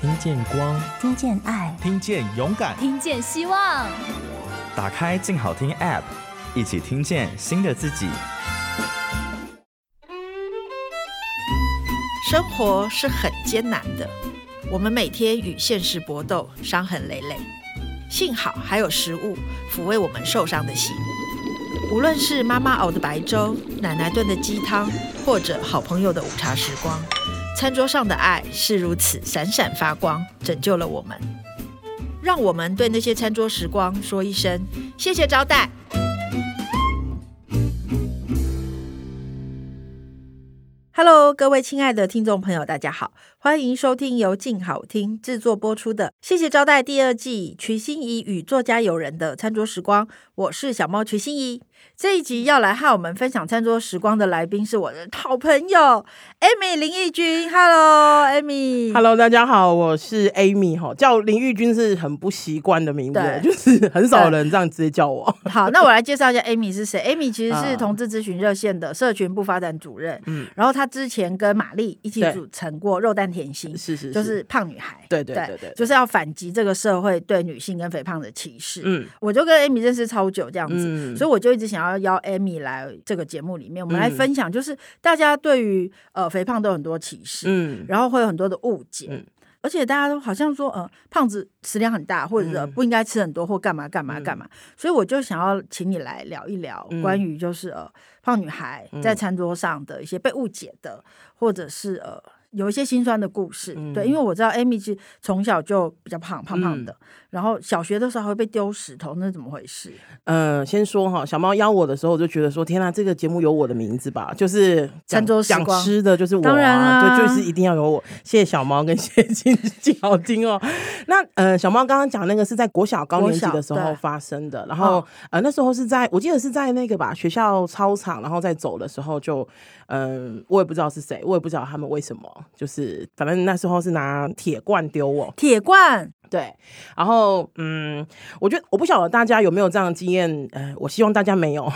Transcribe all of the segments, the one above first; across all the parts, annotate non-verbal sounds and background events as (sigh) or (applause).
聽見光，聽見愛，聽見勇敢，聽見希望。打開靜好聽 App，一起聽見新的自己。生活是很艱難的，我們每天與現實搏鬥，傷痕累累。幸好還有食物撫慰我們受傷的心，無論是媽媽熬的白粥、奶奶燉的雞湯，或者好朋友的午茶時光。餐桌上的愛是如此閃閃發光，拯救了我們。讓我們對那些餐桌時光說一聲謝謝招待。Hello，各位親愛的聽眾朋友，大家好。歡迎收聽由靜好聽制作播出的《謝謝招待》第二季，瞿欣怡與作家友人的餐桌時光。我是小貓瞿欣怡，這一集要來和我們分享餐桌時光的來賓是我的好朋友 Amy 林昱君。Hello，Amy。Hello，大家好，我是 Amy。哈，叫林昱君是很不習慣的名字，對就是很少人這樣直接叫我。好，那我來介紹一下 Amy 是誰。Amy (laughs) 其實是同志諮詢熱線的社群部發展主任。嗯，然後她之前跟瑪麗一起組成過肉蛋。甜心就是胖女孩，對對對，就是要反擊這個社會對女性跟肥胖的歧視。嗯，我就跟 Amy 認識超久，這樣子，所以我就一直想要邀 Amy 來這個節目裡面，我們來分享，就是大家對於呃肥胖都很多歧視，嗯，然後會有很多的誤解，而且大家都好像說，呃，胖子食量很大，或者不應該吃很多，或幹嘛幹嘛幹嘛。所以我就想要請你來聊一聊關於就是呃胖女孩在餐桌上的一些被誤解的，或者是呃。有一些心酸的故事，嗯、對，因為我知道 Amy 是從小就比較胖，胖胖的，嗯、然後小學的時候還會被丟石頭，那是怎麼回事？嗯、呃，先說哈，小貓邀我的時候，我就覺得說，天哪，這個節目有我的名字吧？就是講想吃的，就是我、啊，啊、就就是一定要有我。謝謝小貓，跟謝謝金金小金哦。 (laughs) 那呃，小貓剛剛講那個是在國小高年級的時候發生的，然後、哦、呃，那時候是在，我記得是在那個吧，學校操場，然後在走的時候就，嗯、呃，我也不知道是誰，我也不知道他們為什麼。就是，反正那時候是拿鐵罐丟我，鐵罐。對，然後嗯，我覺得我不曉得大家有沒有這樣的經驗，呃，我希望大家沒有。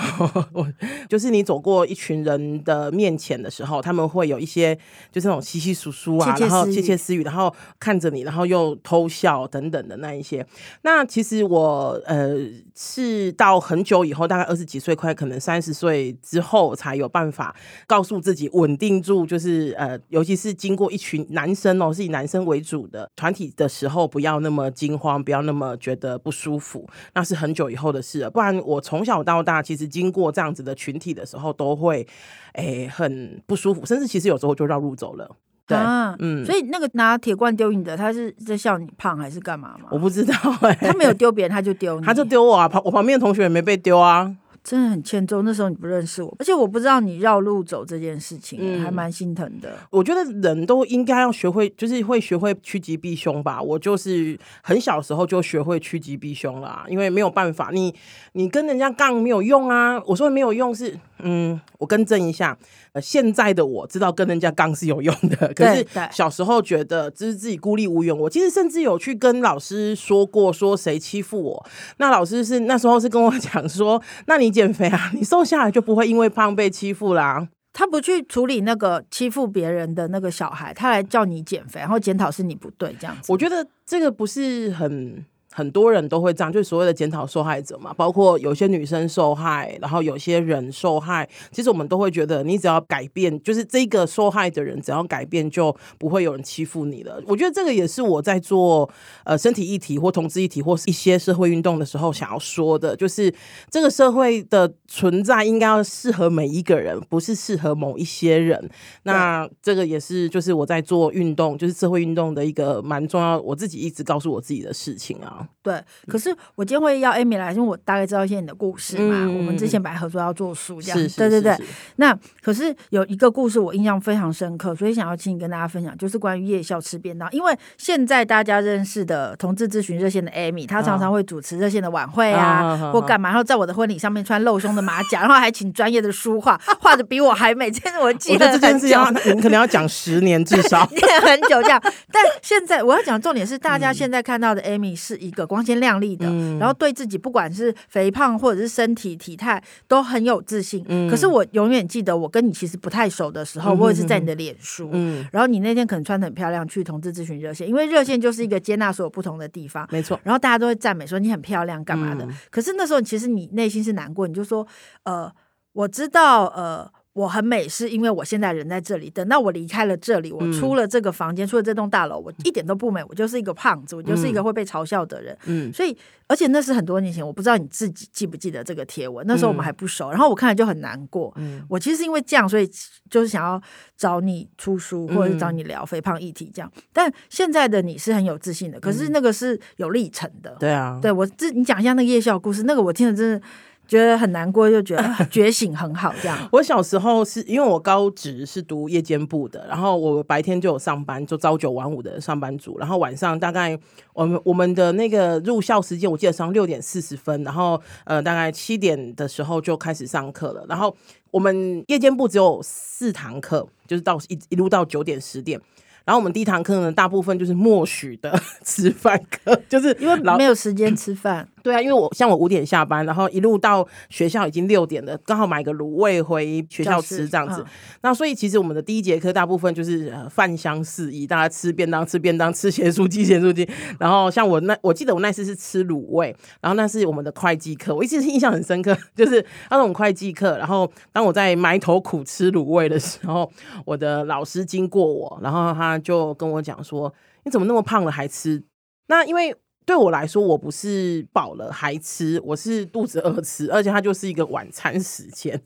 我就是你走過一群人的面前的時候，他們會有一些就是那種窸窸窣窣啊，謝謝然後竊竊私語，然後看着你，然後又偷笑等等的那一些。那其實我呃是到很久以後，大概二十幾歲快，快可能三十歲之後，才有辦法告訴自己穩定住，就是呃，尤其是經過一群男生哦，是以男生為主的團體的時候，不要那麼驚慌，不要那麼覺得不舒服，那是很久以後的事了。不然我從小到大，其實經過這樣子的群體的時候，都會誒、欸、很不舒服，甚至其實有時候就繞路走了。對，啊、嗯，所以那個拿鐵罐丟你的，他是在笑你胖還是幹嘛嘛？我不知道、欸，他沒有丟別人，他就丟，他就丟我啊！旁我旁邊的同學也沒被丟啊。真的很欠揍。那時候你不認識我，而且我不知道你繞路走這件事情、欸，嗯、還蠻心疼的。我覺得人都應該要學會，就是會學會趨吉避凶吧。我就是很小的時候就學會趨吉避凶了、啊，因為沒有辦法，你你跟人家槓沒有用啊。我說沒有用是。嗯，我更正一下，呃，現在的我知道跟人家剛是有用的，可是小時候覺得就是自己孤立無援。我其實甚至有去跟老師說過，說誰欺負我，那老師是那時候是跟我講說，那你減肥啊，你瘦下來就不會因為胖被欺負啦。他不去處理那個欺負別人的那個小孩，他來叫你減肥，然後檢討是你不對這樣子。我覺得這個不是很。很多人都會這樣，就是所謂的檢討受害者嘛，包括有些女生受害，然後有些人受害，其實我們都會覺得，你只要改變，就是這個受害的人只要改變，就不會有人欺負你了。我覺得這個也是我在做呃身體議題或同志議題或是一些社會運動的時候想要說的，就是這個社會的存在應該要適合每一個人，不是適合某一些人。那這個也是，就是我在做運動，就是社會運動的一個蠻重要，我自己一直告訴我自己的事情啊。對，可是我今天會要 Amy 來，因為我大概知道一些你的故事嘛。嗯、我們之前本來合作要做書，這樣對對對。那可是有一個故事我印象非常深刻，所以想要請你跟大家分享，就是關於夜校吃便當。因為現在大家認識的同志諮詢熱線的 Amy，她常常會主持熱線的晚會啊，啊或幹嘛，然後在我的婚禮上面穿露胸的馬甲，啊、然後還請專業的書畫， (laughs) 畫的比我還美。真的，我記得，我覺得這件事要， (laughs) 你可能要講十年至少，念很久這樣。 (laughs) 但現在我要講重點是，大家現在看到的 Amy 是一。一個光鮮亮麗的，嗯、然後對自己不管是肥胖或者是身體體態都很有自信。嗯、可是我永遠記得，我跟你其實不太熟的時候，我也、嗯、哼是在你的臉書。嗯嗯、然後你那天可能穿得很漂亮，去同志諮詢熱線，因為熱線就是一個接納所有不同的地方，沒錯、嗯。然後大家都會讚美說你很漂亮，幹嘛的？嗯、可是那時候其實你內心是難過，你就說，呃，我知道，呃。我很美，是因為我現在人在這裡。等到我離開了這裡，我出了這個房間，嗯、出了這棟大樓，我一點都不美，我就是一個胖子，我就是一個會被嘲笑的人。嗯，嗯所以而且那是很多年前，我不知道你自己記不記得這個貼文。那時候我們還不熟，嗯、然後我看了就很難過。嗯，我其實是因為這樣，所以就是想要找你出書，或者是找你聊肥胖議題這樣。但現在的你是很有自信的，可是那個是有歷程的。嗯、對啊，對，我自你講一下那個夜校故事，那個我聽了真的。覺得很難過，就覺得覺醒很好，這樣。 (laughs) 我小時候是因為我高職是讀夜間部的，然後我白天就有上班，就朝九晚五的上班族。然後晚上大概我們我們的那個入校時間，我記得上六點四十分，然後呃，大概七點的時候就開始上課了。然後我們夜間部只有四堂課，就是到一一路到九點十點。然後我們第一堂課呢，大部分就是默許的吃飯課，就是因為沒有時間吃飯。 (laughs) 對啊，因為我像我五點下班，然後一路到學校已經六點了，剛好買個滷味回學校吃，就是啊，這樣子。那所以其實我們的第一節課大部分就是、呃、飯香四溢，大家吃便當，吃便當，吃鹹酥雞，鹹酥雞。然後像我那，我記得我那次是吃滷味，然後那是我們的會計課，我一直印象很深刻，就是那種會計課。然後當我在埋頭苦吃滷味的時候，我的老師經過我，然後他就跟我講說：“你怎麼那麼胖了還吃？”那因為。對我來說，我不是飽了還吃，我是肚子餓吃。而且它就是一個晚餐時間，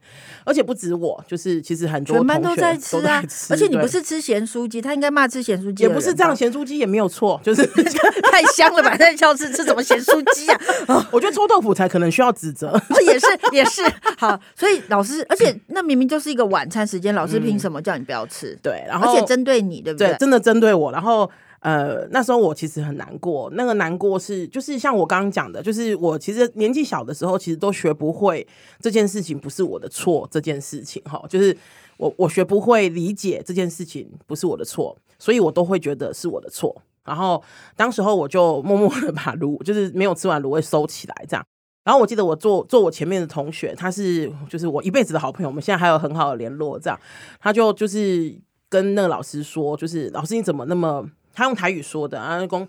而且不止我，就是其實很多同學都在吃啊。全班都在吃對而且你不是吃鹹酥雞，他應該罵吃鹹酥雞，也不是這樣，鹹酥雞也沒有錯，就是 (laughs) 太香了吧，擺在教室吃什麼鹹酥雞啊？ (laughs) 我覺得臭豆腐才可能需要指責， (laughs) 哦、也是也是好。所以老師，而且那明明就是一個晚餐時間，老師憑什麼叫你不要吃？嗯、對，然後而且針對你，對不對，對？真的針對我，然後。呃，那時候我其實很難過，那個難過是就是像我剛剛講的，就是我其實年紀小的時候，其實都學不會這件事情不是我的錯，這件事情齁，就是我我學不會理解這件事情不是我的錯，所以我都會覺得是我的錯。然後當時候我就默默的把蘆，就是沒有吃完蘆薈收起來這樣。然後我記得我坐坐我前面的同學，他是就是我一輩子的好朋友，我們現在還有很好的聯絡這樣。他就就是跟那個老師說，就是老師你怎麼那麼。他用台語說的，啊後講，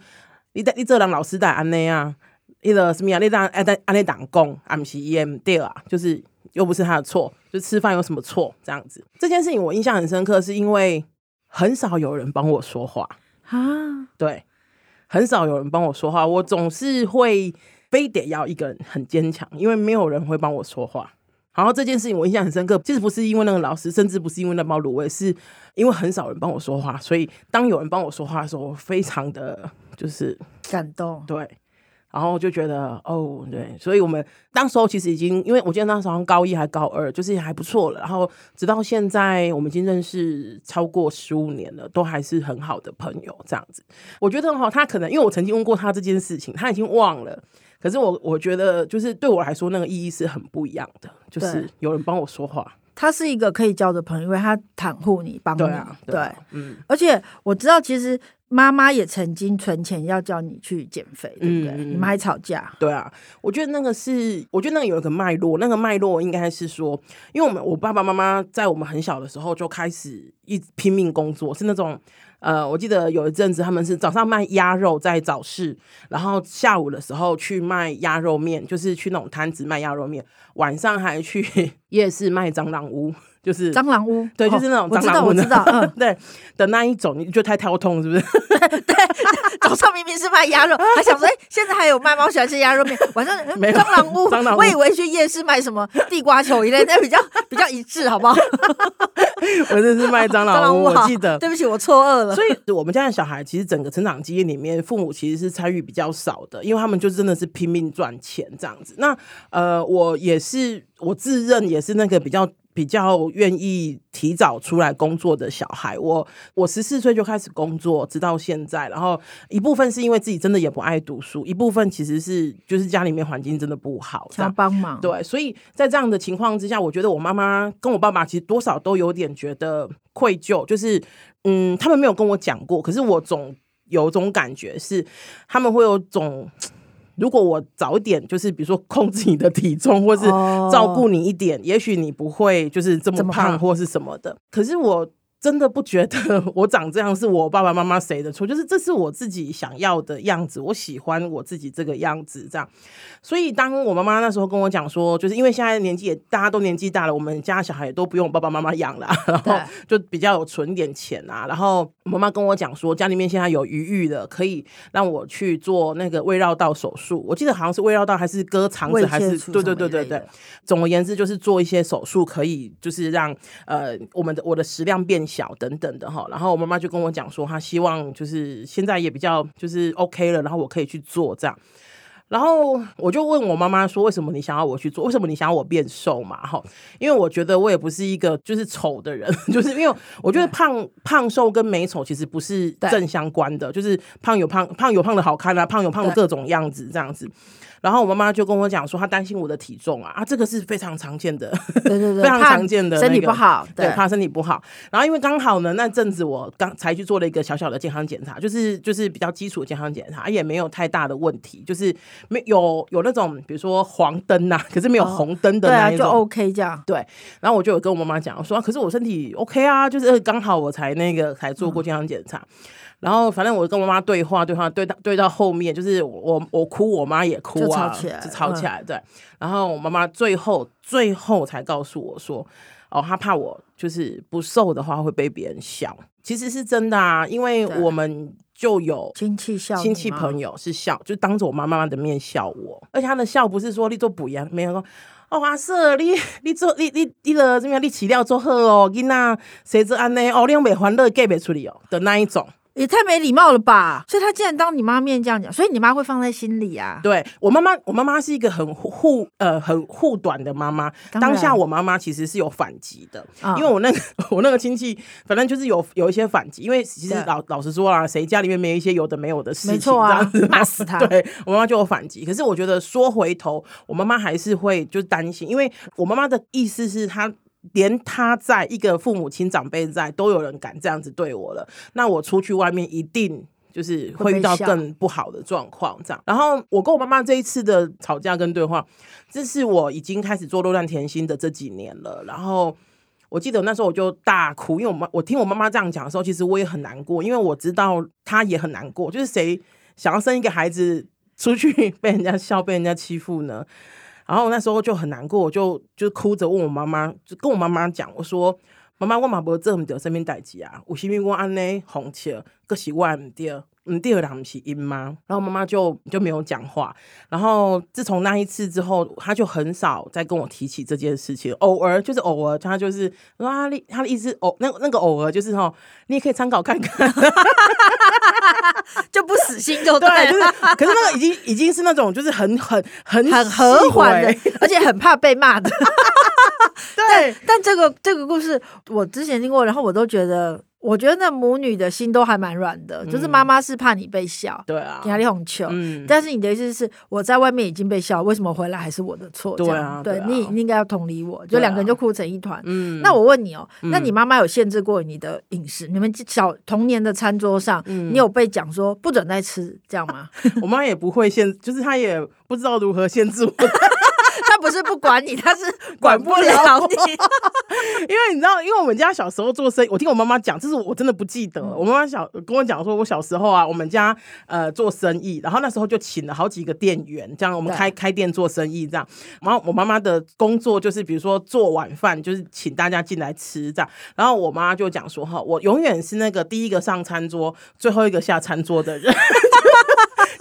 你你這人老師在安內啊，你了什麼呀、啊？你當哎在安內當工，啊不是 EMD 啊，就是又不是他的錯，就吃飯有什麼錯這樣子？這件事情我印象很深刻，是因為很少有人幫我說話啊，蛤對，很少有人幫我說話，我總是會非得要一個人很堅強，因為沒有人會幫我說話。然後這件事情我印象很深刻，其實不是因為那個老師，甚至不是因為那包滷味，是因為很少人幫我說話，所以當有人幫我說話的時候，我非常的就是感動，對。然後就覺得哦，對，所以我們當時候其實已經，因為我記得那時候好像高一還高二，就是還不錯了。然後直到現在，我們已經認識超過十五年了，都還是很好的朋友這樣子。我覺得哈、哦，他可能因為我曾經問過他這件事情，他已經忘了。可是我我覺得，就是對我來說，那個意義是很不一樣的。就是有人幫我說話，他是一個可以交的朋友，因為他袒護你，幫你。對，嗯，而且我知道，其實。媽媽也曾經存錢要叫你去減肥，對不對？嗯，你們還吵架。對啊，我覺得那個是，我覺得那個有一個脈絡，那個脈絡應該是說，因為我們我爸爸媽媽在我們很小的時候就開始一直拼命工作，是那種，呃，我記得有一陣子他們是早上賣鴨肉在早市，然後下午的時候去賣鴨肉麵，就是去那種攤子賣鴨肉麵，晚上還去夜市賣蟑螂屋。就是蟑螂屋，對，就是那種我知道我知道，對的那一種，你就太跳痛是不是？對，早上明明是賣鴨肉，還想說哎，現在還有賣，貓喜歡吃鴨肉麵。晚上蟑螂屋，我以為去夜市賣什麼地瓜球一類，那比較比較一致，好不好？我這是賣蟑螂屋，我記得。對不起，我錯愕了。所以我們家的小孩其實整個成長經驗裡面，父母其實是參與比較少的，因為他們就真的是拼命賺錢這樣子。那呃，我也是，我自認也是那個比較。比較願意提早出來工作的小孩，我我十四歲就開始工作，直到現在。然後一部分是因為自己真的也不愛讀書，一部分其實是就是家裡面環境真的不好，需要幫忙。對，所以在這樣的情況之下，我覺得我媽媽跟我爸爸其實多少都有點覺得愧疚，就是嗯，他們沒有跟我講過，可是我總有種感覺是他們會有種。如果我早一點，就是比如說控制你的體重，或是照顧你一點，也許你不會就是這麼胖或是什麼的。可是我。真的不覺得我長這樣是我爸爸媽媽誰的錯，就是這是我自己想要的樣子，我喜歡我自己這個樣子這樣。所以當我媽媽那時候跟我講說，就是因為現在年紀也大家都年紀大了，我們家小孩也都不用爸爸媽媽養了，對然後就比較有存點錢啊。然後媽媽跟我講說，家裡面現在有餘裕的，可以讓我去做那個胃繞道手術。我記得好像是胃繞道還是割腸子還是對對對對對，總而言之就是做一些手術，可以就是讓呃我們的我的食量變小。小等等的齁，然後我媽媽就跟我講說，她希望就是現在也比較就是 OK 了，然後我可以去做這樣。然後我就問我媽媽說：“為什麼你想要我去做？為什麼你想要我變瘦嘛？”哈，因為我覺得我也不是一個就是醜的人，就是因為我覺得胖對胖瘦跟美醜其實不是正相關的，對就是胖有胖胖有胖的好看啊，胖有胖的各種樣子這樣子。對然後我媽媽就跟我講說，她擔心我的體重啊，啊，這個是非常常見的，對對對非常常見的、那個、身體不好，對，對，怕身體不好。然後因為剛好呢，那陣子我剛才去做了一個小小的健康檢查，就是就是比較基礎的健康檢查，也沒有太大的問題，就是。沒有有那種，比如說黃燈啊，可是沒有紅燈的那種、哦。對啊，就 OK 這樣。對，然後我就有跟我媽媽講我說、啊，可是我身體 OK 啊，就是剛好我才那個才做過健康檢查，嗯、然後反正我跟媽我媽對話，對話對到對到後面，就是我我，我哭，我媽也哭啊，就吵起來，就吵起來、嗯、對。然後我媽媽最後最後才告訴我說。哦，他怕我就是不瘦的話會被別人笑。其實是真的啊，因為我們就有親戚笑，親戚朋友是笑，就當着我媽媽的面笑我，而且他的笑不是說你做不一樣，沒有說哦阿瑟，你你做你你你了怎麼樣，你起料做喝哦，囡仔誰知安內哦，你兩杯還樂給袂出理哦的那一種。也太沒禮貌了吧！所以他竟然當你媽面這樣講，所以你媽會放在心裡啊？對，我媽媽，我媽媽是一個很護呃很護短的媽媽。當，然當下我媽媽其實是有反擊的，哦、因為我那個我那個親戚，反正就是有有一些反擊。因為其實老對老實說啊，誰家裡面沒有一些有的沒有的事情，沒錯啊，這樣子罵死他。對，我媽媽就有反擊，可是我覺得說回頭，我媽媽還是會就是擔心，因為我媽媽的意思是她。連他在一個父母親長輩在，都有人敢這樣子對我了。那我出去外面一定就是會遇到更不好的狀況這樣。然後我跟我媽媽這一次的吵架跟對話，這是我已經開始做《落難甜心》的這幾年了。然後我記得那時候我就大哭，因為我媽，我聽我媽媽這樣講的時候，其實我也很難過，因為我知道她也很難過。就是誰想要生一個孩子，出去被人家笑，被人家欺負呢？然後我那時候就很難過，我就就哭着問我媽媽，就跟我媽媽講，我說：“媽媽，我嘛無做毋著身邊代志啊？我心裡我安尼紅起，可是我毋著。”嗯，第二檔不是嗎？然後媽媽就就沒有講話。然後自從那一次之後，她就很少再跟我提起這件事情。偶爾就是偶爾，她就是說她的她的意思偶、哦、那那個偶爾就是哈、哦，你也可以參考看看， (laughs) (laughs) 就不死心就對，對，就是可是那個已經已經是那種就是很很很很和緩的， (laughs) 而且很怕被罵的。 (laughs) 對，對但這個這個故事我之前聽過，然後我都覺得。我覺得那母女的心都還蠻軟的，嗯、就是媽媽是怕你被笑，對啊，壓力哄球。嗯、但是你的意思是，我在外面已經被笑，為什麼回來還是我的錯？這樣對啊，對，對啊，你你應該要同理我，就兩個人就哭成一團。啊嗯、那我問你哦，嗯、那你媽媽有限制過你的飲食？你們小童年的餐桌上，嗯、你有被講說不准再吃這樣嗎？ (laughs) 我媽也不會限，就是她也不知道如何限制我。 (laughs) (laughs) 不是不管你，他是管不了你，管不了我 (laughs) 因為你知道，因為我們家小時候做生意，我聽我媽媽講，這是我真的不記得。嗯、我媽媽小跟我講說，我小時候啊，我們家呃做生意，然後那時候就請了好幾個店員，這樣我們開對 開店做生意，這樣。然後我媽媽的工作就是，比如說做晚飯，就是請大家進來吃，這樣。然後我媽就講說，哈，我永遠是那個第一個上餐桌，最後一個下餐桌的人。 (laughs)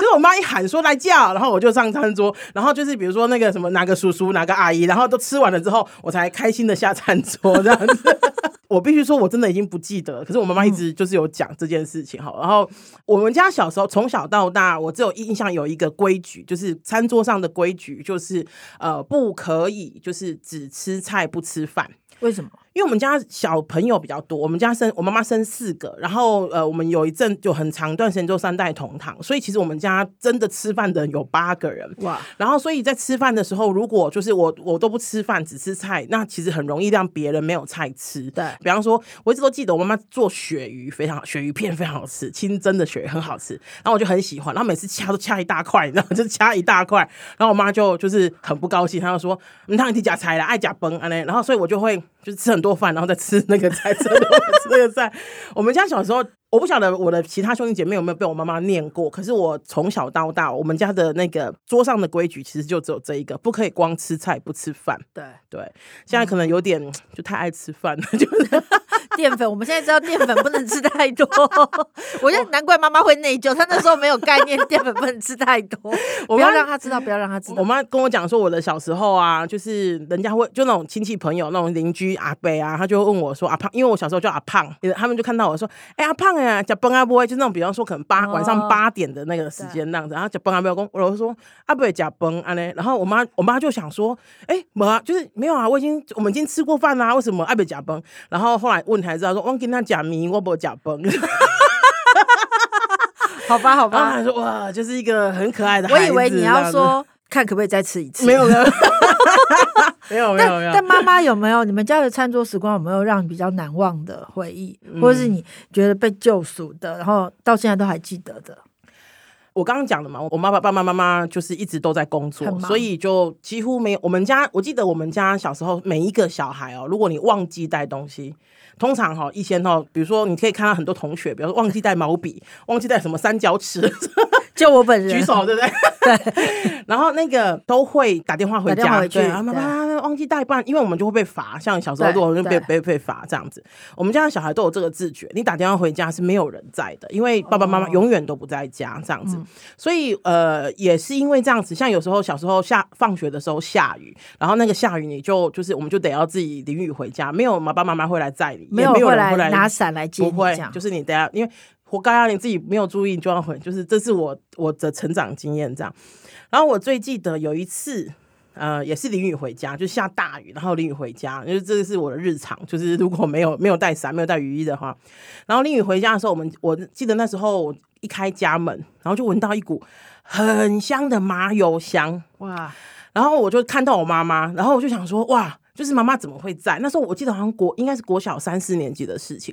所以我媽一喊說來叫，然後我就上餐桌，然後就是比如說那個什麼哪個叔叔哪個阿姨，然後都吃完了之後，我才開心的下餐桌。這樣子， (laughs) 我必須說我真的已經不記得了。可是我媽媽一直就是有講這件事情哈、嗯。然後我們家小時候從小到大，我只有印象有一個規矩，就是餐桌上的規矩就是呃不可以就是只吃菜不吃飯。為什麼？因為我們家小朋友比較多，我們家生我媽媽生四個，然後呃，我們有一陣就很長段時間就三代同堂，所以其實我們家真的吃飯的有八個人哇。然後所以在吃飯的時候，如果就是我我都不吃飯只吃菜，那其實很容易讓別人沒有菜吃。對，比方說，我一直都記得我媽媽做鱈魚非常好，鱈魚片非常好吃，清蒸的鱈魚很好吃，然後我就很喜歡，然後每次掐都掐一大塊，你知道嗎？就掐一大塊，然後我媽就就是很不高興，她就說、嗯、你到底假菜了愛假崩啊嘞。然後所以我就會就是吃很。做飯，然後再吃那個菜，吃那個菜。 (laughs) 我們家小時候，我不曉得我的其他兄弟姐妹有沒有被我媽媽念過，可是我從小到大，我們家的那個桌上的規矩其實就只有這一個，不可以光吃菜不吃飯。對對，現在可能有點、嗯、就太愛吃飯了，就是。 (laughs) 澱粉，我們現在知道澱粉不能吃太多， (laughs) 我覺得難怪媽媽會內疚，她那時候沒有概念澱粉不能吃太多， (laughs) 我媽不要讓她知道，不要讓她知道。我媽跟我講說，我的小時候啊，就是人家會就那種親戚朋友、那種鄰居阿伯啊，他就問我說：“阿胖，因為我小時候叫阿胖，他們就看到我說：‘哎、欸，阿胖呀、啊，假崩阿伯’，就那種，比方說可能八、哦、晚上八點的那個時間那樣子，對然後假崩啊沒有，跟我就說阿伯假崩啊，啊呢然後我媽我媽就想說：‘哎、欸，沒啊，就是沒有啊，我已經我們已經吃過飯啦、啊，為什麼阿伯假崩？’然後後來問。孩子說：“我給他假名，我不假崩。” (laughs) (laughs) 好吧，好吧。說：“哇，就是一個很可愛的孩子、子。”我以為你要說看可不可以再吃一次，沒有，沒有，沒有，但媽媽有沒有？你們家的餐桌時光有沒有讓你比較難忘的回憶，嗯、或是你覺得被救贖的，然後到現在都還記得的？我剛剛講了嘛，我爸爸、爸爸媽媽就是一直都在工作，猛所以就幾乎沒有。我們家，我記得我們家小時候，每一個小孩哦，如果你忘記帶東西，通常哈、哦、以前哈、哦，比如說你可以看到很多同學，比如說忘記帶毛筆，忘記帶什麼三角尺。 (laughs) 就我本人舉手對不對？然後那個都會打電話回家，對。媽媽，忘記帶飯，因為我們就會被罰。像小時候，如果我們被被被罰這樣子，我們家的小孩都有這個自覺。你打電話回家是沒有人在的，因為爸爸媽媽永遠都不在家這樣子。所以呃，也是因為這樣子，像有時候小時候下放學的時候下雨，然後那個下雨你就就是我們就得要自己淋雨回家，沒有爸爸媽媽會來載你，也沒有人會來拿傘來接你，不會就是你得要，因為。活高壓，你自己沒有注意就要回。就是這是我的我的成長經驗這樣。然後我最記得有一次，呃，也是淋雨回家，就下大雨，然後淋雨回家，因為這是我的日常，就是如果沒有沒有帶傘、沒有帶雨衣的話，然後淋雨回家的時候，我們我記得那時候我一開家門，然後就聞到一股很香的麻油香，哇！然後我就看到我媽媽，然後我就想說，哇！就是媽媽怎麼會在？那時候我記得好像國應該是國小三四年級的事情。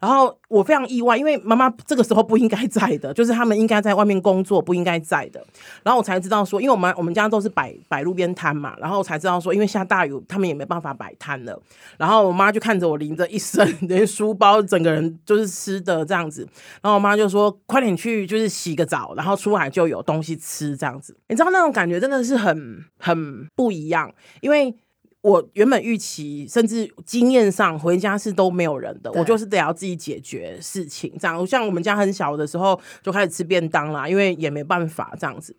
然後我非常意外，因為媽媽這個時候不應該在的，就是他們應該在外面工作，不應該在的。然後我才知道說，因為我們我們家都是擺擺路邊攤嘛。然後我才知道說，因為下大雨，他們也沒辦法擺攤了。然後我媽就看着我淋着一身，連書包整個人就是濕的這樣子。然後我媽就說：“快點去，就是洗個澡，然後出來就有東西吃這樣子。”你知道那種感覺真的是很很不一樣，因為。我原本預期，甚至經驗上回家是都沒有人的，對我就是得要自己解決事情。這樣，像我們家很小的時候就開始吃便當啦，因為也沒辦法這樣子，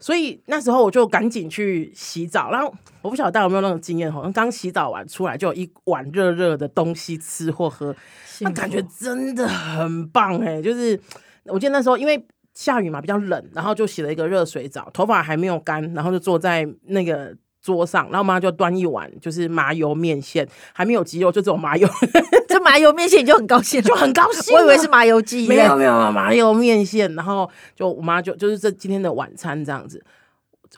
所以那時候我就趕緊去洗澡。然後我不曉得大家有沒有那種經驗，好像剛洗澡完出來就有一碗熱熱的東西吃或喝，那幸福感覺真的很棒哎、欸！就是我記得那時候因為下雨嘛，比較冷，然後就洗了一個熱水澡，頭髮還沒有乾，然後就坐在那個。桌上，然後媽就端一碗，就是麻油麵線，還沒有雞肉，就這種麻油， (laughs) 這麻油麵線，你就很高興， (laughs) 就很高興。 (laughs) 我以為是麻油雞，沒有、欸、沒有，沒有麻油麵線。然後就我媽就就是這今天的晚餐這樣子。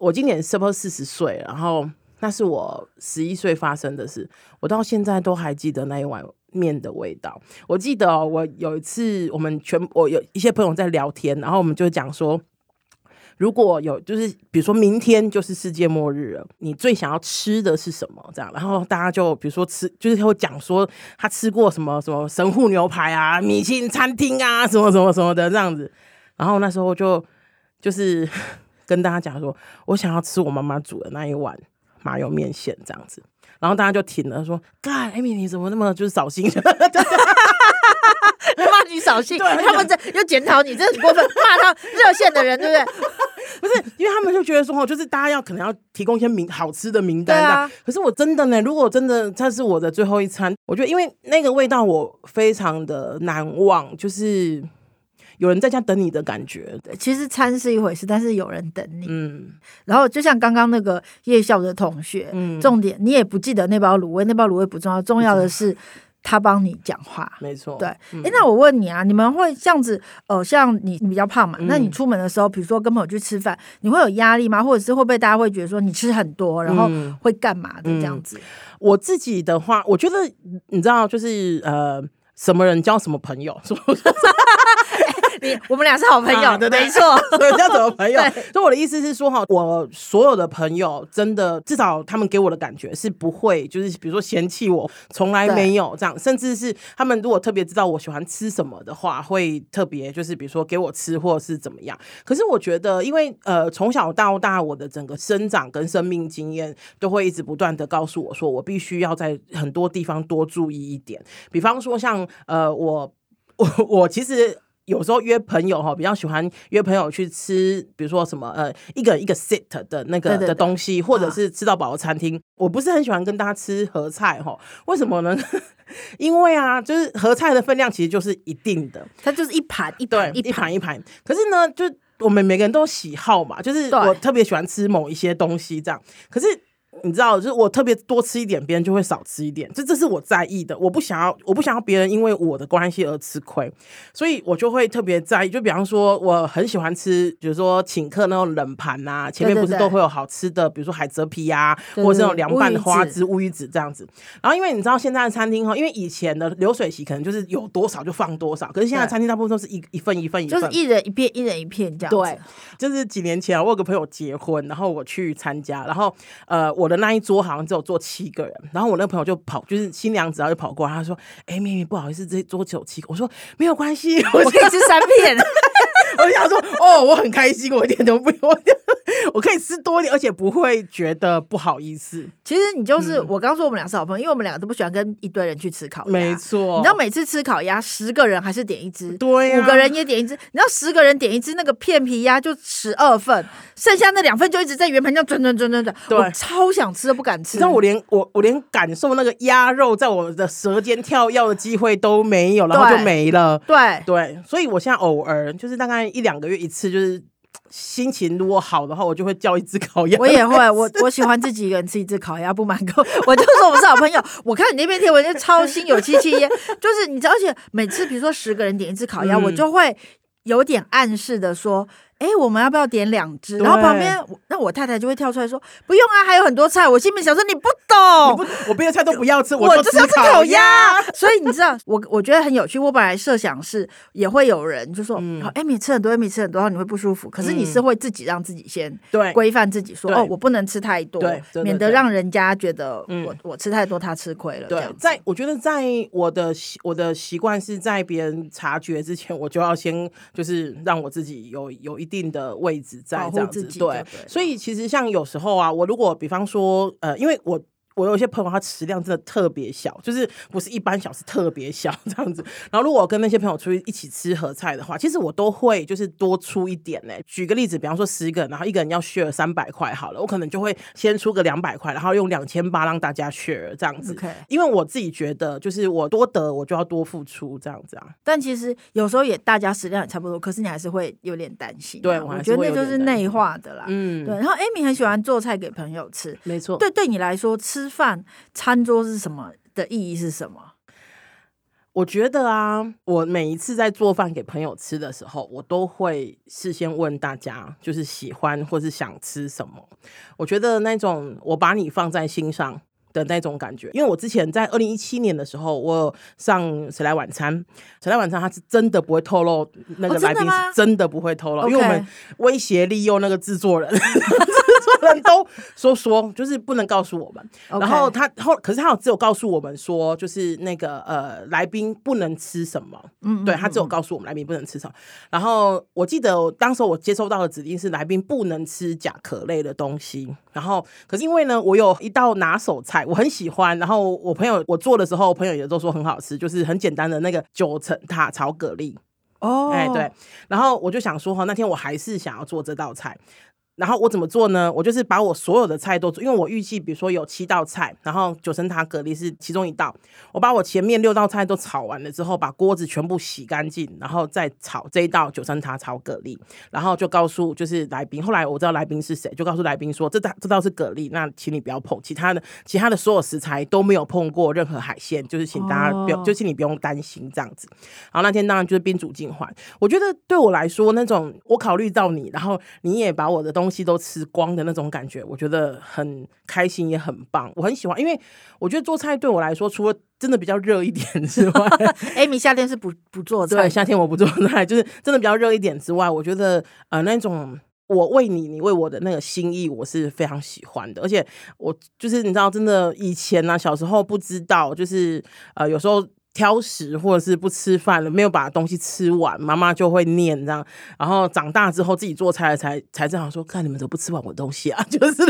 我今年是不是四十歲，然後那是我十一歲發生的事，我到現在都還記得那一碗麵的味道。我記得、哦、我有一次，我們全我有一些朋友在聊天，然後我們就講說。如果有，就是比如說明天就是世界末日了，你最想要吃的是什麼？這樣，然後大家就比如說吃，就是會講說他吃過什麼什麼神戶牛排啊、米其林餐廳啊，什麼什麼什麼的這樣子。然後那時候就就是跟大家講說，我想要吃我媽媽煮的那一碗麻油麵線這樣子。然後大家就停了，他說：“God，Amy，你怎麼那麼就是掃興？” (laughs) (laughs) 罵 (laughs) 你掃興，對他們這又檢討你，真 (laughs) 過分罵他熱線的人，對不對？不是，因為他們就覺得說，哦，就是大家要可能要提供一些名好吃的名單。啊，可是我真的呢，如果真的這是我的最後一餐，我覺得因為那個味道我非常的難忘，就是有人在家等你的感覺。對，其實餐是一回事，但是有人等你，嗯。然後就像剛剛那個夜校的同學，嗯，重點你也不記得那包滷味，那包滷味不重要，重要的是。他幫你講話，沒錯。對、嗯欸，那我問你啊，你們會這樣子？呃，像你，你比較胖嘛？嗯、那你出門的時候，比如說跟朋友去吃飯，你會有壓力嗎？或者是會不會大家會覺得說你吃很多，然後會幹嘛的這樣子、嗯嗯？我自己的話，我覺得你知道，就是呃。什麼人交什麼朋友？說 (laughs) 欸、你我們倆是好朋友，啊、對，對，對，沒錯錯。對，交什麼朋友？所以對 我的意思是說，哈，我所有的朋友真的至少他們給我的感覺是不會，就是比如說嫌棄我，從來沒有這樣。對 甚至是他們如果特別知道我喜歡吃什麼的話，會特別就是比如說給我吃或是怎麼樣。可是我覺得，因為呃，從小到大我的整個生長跟生命經驗都會一直不斷的告訴我說，我必須要在很多地方多注意一點，比方說像。呃，我我我其實有時候約朋友哈、喔，比較喜歡約朋友去吃，比如說什麼呃，一個一個 sit 的那個對對對的東西，或者是吃到飽的餐廳。啊、我不是很喜歡跟大家吃合菜哈、喔，為什麼呢？ (laughs) 因為啊，就是合菜的分量其實就是一定的，它就是一盤一盤一盤一盤。可是呢，就我們每個人都喜好嘛，就是我特別喜歡吃某一些東西這樣。可是。你知道，就是我特別多吃一點，別人就會少吃一點，這這是我在意的。我不想要，我不想要別人因為我的關係而吃虧，所以我就會特別在意。就比方說，我很喜歡吃，比如說請客那種冷盤啊，前面不是都會有好吃的，對對對，比如說海蜇皮呀，啊，對對對，或者這種涼拌的花枝、烏魚子，烏魚子這樣子。然後，因為你知道，現在的餐廳哈，因為以前的流水席可能就是有多少就放多少，可是現在的餐廳大部分都是一，對，一份一份，一份，就是一人一片，一人一片這樣子。對，就是幾年前啊，我有個朋友結婚，然後我去參加，然後呃我。我的那一桌好像只有坐七個人，然後我那個朋友就跑，就是新娘子，然後就跑過來，她說：“哎、欸，妹妹不好意思，這一桌只有七個。”我說：“沒有關係，我可以吃三片。” (laughs) (laughs) 我想說，哦，我很開心，我一點都不，我我可以吃多一點，而且不會覺得不好意思。其實你就是、嗯、我剛說我們倆是好朋友，因為我們兩個都不喜歡跟一堆人去吃烤鴨。沒錯錯，你知道每次吃烤鴨，十個人還是點一只，對呀，五個人也點一只。你知道十個人點一只那個片皮鴨就十二份，剩下那兩份就一直在圓盤上轉轉轉轉轉。對我超想吃都不敢吃，你知道我連我我連感受那個鴨肉在我的舌尖跳躍的機會都沒有，然後就沒了。對對，對，所以我現在偶爾就是大概。一兩個月一次，就是心情如果好的話，我就會叫一隻烤鴨。我也會， (laughs) 我我喜歡自己一個人吃一隻烤鴨，不瞞夠我就說我是好朋友。 (laughs) 我看你那篇貼文就超心有戚戚焉。 (laughs) 就是你知道，而且每次比如說十個人點一隻烤鴨，嗯、我就會有點暗示的說。哎、欸，我們要不要點兩隻？對然後旁邊，那我太太就會跳出來說：“不用啊，還有很多菜。”我心裡想說：“你不懂，不，我別的菜都不要吃，我就，我就是要吃烤鴨。” (laughs) 所以你知道，我我覺得很有趣。我本來設想是也會有人就說：“哎、嗯，你、哦，Amy 吃很多，Amy 吃很多，你吃很多，然後你會不舒服。”可是你是會自己讓自己先對規範自己，說：“嗯、哦，我不能吃太多，對對對對，免得讓人家覺得我、嗯、我吃太多，他吃虧了。”對，在我覺得，在我的我的習慣是在別人察覺之前，我就要先就是讓我自己有有一點。.定的位置在這樣子，對，所以其實像有時候啊，我如果比方說，呃，因為我。我有一些朋友他食量真的特別小，就是不是一般小，是特別小這樣子。然後如果我跟那些朋友出去一起吃合菜的話，其實我都會就是多出一點呢、欸。舉個例子，比方說十個人，然後一個人要 share 三百塊好了，我可能就會先出個兩百塊，然後用兩千八讓大家 share 這樣子。Okay. 因為我自己覺得，就是我多得我就要多付出這樣子、啊。但其實有時候也大家食量也差不多，可是你還是會有點擔心、啊、心。對，我覺得那就是內化的啦。嗯，對。然後 Amy 很喜歡做菜給朋友吃，沒錯錯。對，對你來說吃。吃飯，餐桌，是什麼的意義是什麼？我覺得啊，我每一次在做飯給朋友吃的時候，我都會事先問大家，就是喜歡或是想吃什麼。我覺得那種我把你放在心上的那種感覺，因為我之前在二零一七年的時候，我上誰來晚餐，誰來晚餐，他是真的不會透露那個來賓，是真的不會透露，哦、因為我們威脅利誘，那個制作人。Okay. (laughs) (laughs) 所有人都說說，就是不能告訴我們。Okay. 然後他後，可是他只有告訴我們說，就是那個呃，來賓不能吃什麼。嗯，嗯，嗯，嗯，對他只有告訴我們來賓不能吃什麼。然後我記得我當時我接收到的指令是，來賓不能吃甲殼類的東西。然後可是因為呢，我有一道拿手菜，我很喜歡。然後我朋友我做的時候，我朋友也都說很好吃，就是很簡單的那個九層塔炒蛤蜊。哦、oh. 欸，哎對。然後我就想說哈，那天我還是想要做這道菜。然後我怎麼做呢？我就是把我所有的菜都，做，因為我預計比如說有七道菜，然後九層塔蛤蜊是其中一道，我把我前面六道菜都炒完了之後，把鍋子全部洗乾淨，然後再炒這一道九層塔炒蛤蜊，然後就告訴就是來賓。後來我知道來賓是誰，就告訴來賓說，這道這道是蛤蜊，那請你不要碰其他的，其他的所有食材都沒有碰過任何海鮮，就是請大家不要、哦、就請你不用擔心這樣子。然後那天當然就是賓主盡歡。我覺得對我來說那種我考慮到你，然後你也把我的東。東西都吃光的那種感覺，我覺得很開心，也很棒。我很喜歡，因為我覺得做菜對我來說，除了真的比較熱一點之外，Amy 夏天是不不做菜的。對，夏天我不做菜，就是真的比較熱一點之外，我覺得呃那種我餵你，你餵我的那個心意，我是非常喜歡的。而且我就是你知道，真的以前呢、啊，小時候不知道，就是呃有時候。挑食或者是不吃飯了，沒有把東西吃完，媽媽就會念這樣。然後長大之後自己做菜了才，才才正好說：看你們怎麼不吃完我的東西啊？就是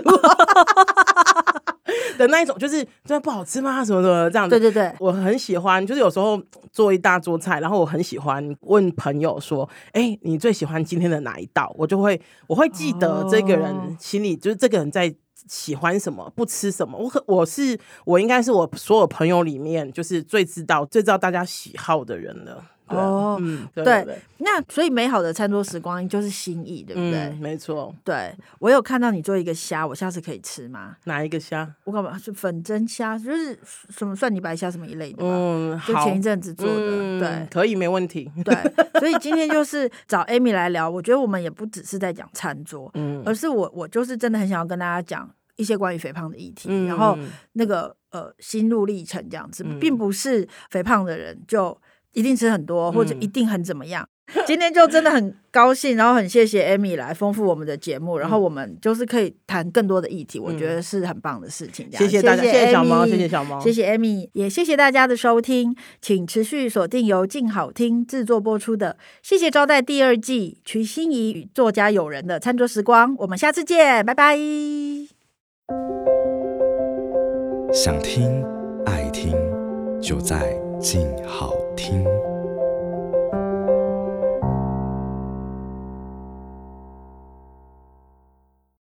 的那一種，就是真的不好吃嗎？什麼什麼的這樣子？對對對，我很喜歡，就是有時候做一大桌菜，然後我很喜歡問朋友說：哎、欸，你最喜歡今天的哪一道？我就會我會記得這個人心裡，哦、就是這個人在。喜歡什麼，不吃什麼。我可我是我，應該是我所有朋友裡面，就是最知道、最知道大家喜好的人了。哦，對，那所以美好的餐桌時光就是心意，對不對？沒錯。對，我有看到你做一個蝦，我下次可以吃嗎？哪一個蝦？我幹嘛是粉蒸蝦，就是什麼蒜泥白蝦什麼一類的吧？就前一陣子做的。對，可以，沒問題。對，所以今天就是找 Amy 來聊，我覺得我們也不只是在講餐桌，而是我我就是真的很想要跟大家講一些關於肥胖的議題，然後那個呃心路歷程這樣子，並不是肥胖的人就。一定吃很多，或者一定很怎麼樣？嗯、今天就真的很高興， (laughs) 然後很謝謝 Amy 來豐富我們的節目，嗯、然後我們就是可以談更多的議題，嗯、我覺得是很棒的事情。謝謝大家，謝謝小貓，謝謝小貓，謝謝 Amy，也謝謝大家的收聽，請持續鎖定由靜好聽制作播出的《謝謝招待》第二季，瞿欣怡與作家友人的餐桌時光，我們下次見，拜拜。想聽愛聽，就在靜好。聽。